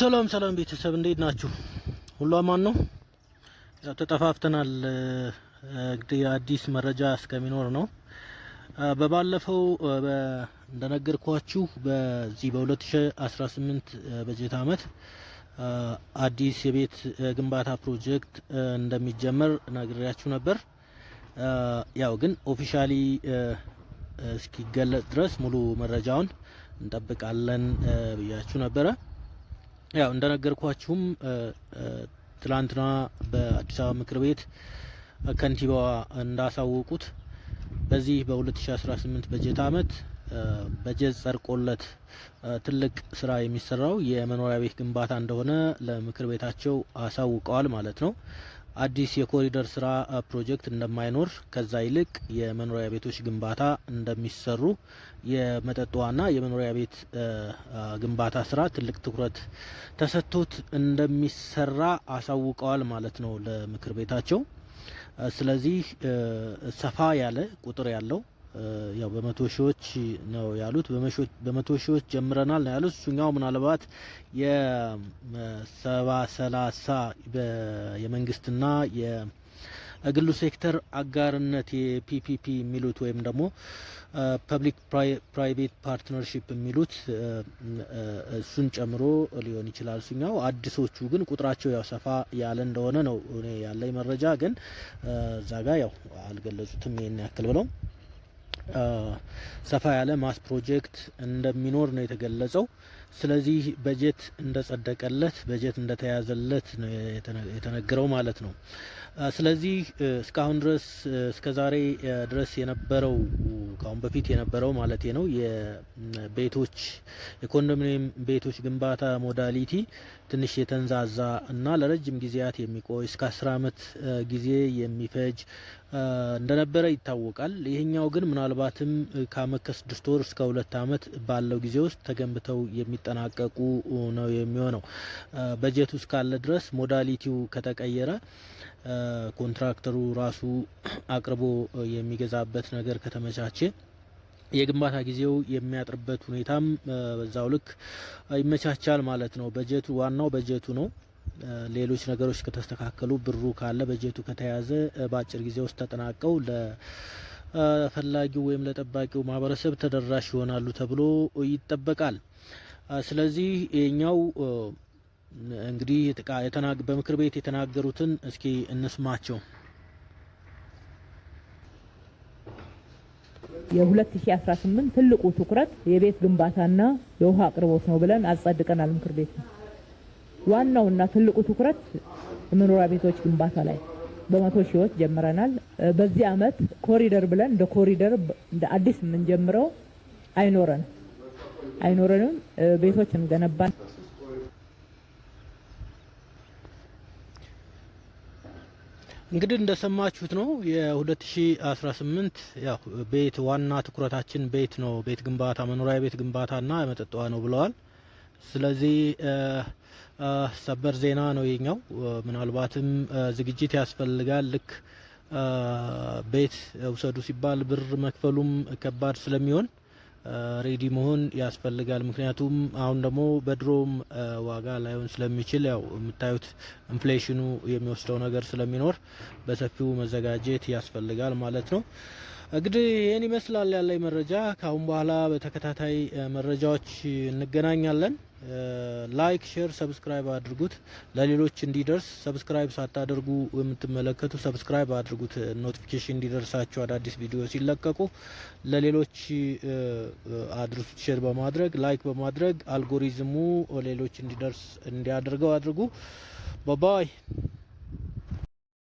ሰላም ሰላም ቤተሰብ እንዴት ናችሁ? ሁሉ አማን ነው? ያው ተጠፋፍተናል። እንግዲህ አዲስ መረጃ እስከሚኖር ነው። በባለፈው እንደነገርኳችሁ በዚህ በ2018 በጀት አመት አዲስ የቤት ግንባታ ፕሮጀክት እንደሚጀመር ነግሬያችሁ ነበር። ያው ግን ኦፊሻሊ እስኪገለጽ ድረስ ሙሉ መረጃውን እንጠብቃለን ብያችሁ ነበረ። ያው እንደነገርኳችሁም ትላንትና በአዲስ አበባ ምክር ቤት ከንቲባዋ እንዳሳወቁት በዚህ በ2018 በጀት ዓመት በጀት ጸድቆለት ትልቅ ስራ የሚሰራው የመኖሪያ ቤት ግንባታ እንደሆነ ለምክር ቤታቸው አሳውቀዋል ማለት ነው። አዲስ የኮሪደር ስራ ፕሮጀክት እንደማይኖር ከዛ ይልቅ የመኖሪያ ቤቶች ግንባታ እንደሚሰሩ የመጠጥ ውሃና የመኖሪያ ቤት ግንባታ ስራ ትልቅ ትኩረት ተሰጥቶት እንደሚሰራ አሳውቀዋል ማለት ነው ለምክር ቤታቸው። ስለዚህ ሰፋ ያለ ቁጥር ያለው ያው በመቶ ሺዎች ነው ያሉት። በመቶ ሺዎች ጀምረናል ነው ያሉት። እሱኛው ምናልባት የሰባ ሰላሳ የመንግስትና የግሉ ሴክተር አጋርነት የፒፒፒ የሚሉት ወይም ደግሞ ፐብሊክ ፕራይቬት ፓርትነርሺፕ የሚሉት እሱን ጨምሮ ሊሆን ይችላል። እሱኛው አዲሶቹ ግን ቁጥራቸው ያው ሰፋ ያለ እንደሆነ ነው እኔ ያለኝ መረጃ። ግን እዛ ጋ ያው አልገለጹትም ይሄን ያክል ብለው ሰፋ ያለ ማስ ፕሮጀክት እንደሚኖር ነው የተገለጸው። ስለዚህ በጀት እንደጸደቀለት በጀት እንደተያዘለት ነው የተነገረው ማለት ነው። ስለዚህ እስካሁን ድረስ እስከዛሬ ድረስ የነበረው ከአሁን በፊት የነበረው ማለት ነው የቤቶች የኮንዶሚኒየም ቤቶች ግንባታ ሞዳሊቲ ትንሽ የተንዛዛ እና ለረጅም ጊዜያት የሚቆይ እስከ አስር አመት ጊዜ የሚፈጅ እንደነበረ ይታወቃል። ይህኛው ግን ምናልባትም ከአመት ከስድስት ወር እስከ ሁለት አመት ባለው ጊዜ ውስጥ ተገንብተው የሚጠናቀቁ ነው የሚሆነው። በጀቱ እስካለ ድረስ ሞዳሊቲው ከተቀየረ ኮንትራክተሩ ራሱ አቅርቦ የሚገዛበት ነገር ከተመቻቸ የግንባታ ጊዜው የሚያጥርበት ሁኔታም በዛው ልክ ይመቻቻል ማለት ነው። በጀቱ ዋናው በጀቱ ነው። ሌሎች ነገሮች ከተስተካከሉ ብሩ ካለ በጀቱ ከተያዘ በአጭር ጊዜ ውስጥ ተጠናቀው ለፈላጊው ወይም ለጠባቂው ማህበረሰብ ተደራሽ ይሆናሉ ተብሎ ይጠበቃል። ስለዚህ የኛው እንግዲህ በምክር ቤት የተናገሩትን እስኪ እንስማቸው። የ2018 ትልቁ ትኩረት የቤት ግንባታና የውሃ አቅርቦት ነው ብለን አጸድቀናል። ምክር ቤት ነው ዋናውና ትልቁ ትኩረት የመኖሪያ ቤቶች ግንባታ ላይ በመቶ ሺዎች ጀምረናል። በዚህ አመት ኮሪደር ብለን እንደ ኮሪደር እንደ አዲስ የምንጀምረው አይኖረን አይኖረንም ቤቶች እንገነባል። እንግዲህ እንደሰማችሁት ነው የ2018 ያው ቤት ዋና ትኩረታችን ቤት ነው፣ ቤት ግንባታ፣ መኖሪያ ቤት ግንባታና መጠጥ ውሃ ነው ብለዋል። ስለዚህ ሰበር ዜና ነው የኛው። ምናልባትም ዝግጅት ያስፈልጋል። ልክ ቤት ውሰዱ ሲባል ብር መክፈሉም ከባድ ስለሚሆን ሬዲ መሆን ያስፈልጋል። ምክንያቱም አሁን ደግሞ በድሮም ዋጋ ላይሆን ስለሚችል ያው የምታዩት ኢንፍሌሽኑ የሚወስደው ነገር ስለሚኖር በሰፊው መዘጋጀት ያስፈልጋል ማለት ነው። እንግዲህ ይህን ይመስላል ያለኝ መረጃ። ከአሁን በኋላ በተከታታይ መረጃዎች እንገናኛለን። ላይክ፣ ሼር፣ ሰብስክራይብ አድርጉት ለሌሎች እንዲደርስ። ሰብስክራይብ ሳታደርጉ የምትመለከቱ ሰብስክራይብ አድርጉት፣ ኖቲፊኬሽን እንዲደርሳቸው አዳዲስ ቪዲዮ ሲለቀቁ ለሌሎች አድርሱት። ሼር በማድረግ ላይክ በማድረግ አልጎሪዝሙ ሌሎች እንዲደርስ እንዲያደርገው አድርጉ። ባባይ